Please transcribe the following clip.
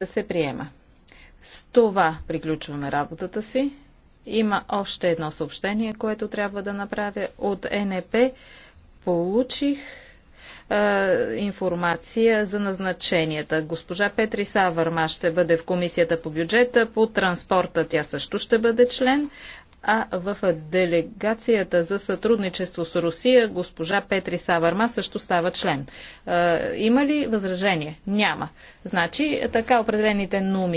да се приема. С това приключваме работата си. Има още едно съобщение, което трябва да направя. От НП получих е, информация за назначенията. Госпожа Петри Савърма ще бъде в комисията по бюджета, по транспорта тя също ще бъде член, а в делегацията за сътрудничество с Русия госпожа Петри Саварма също става член. Е, има ли възражение? Няма. Значи така определените номи.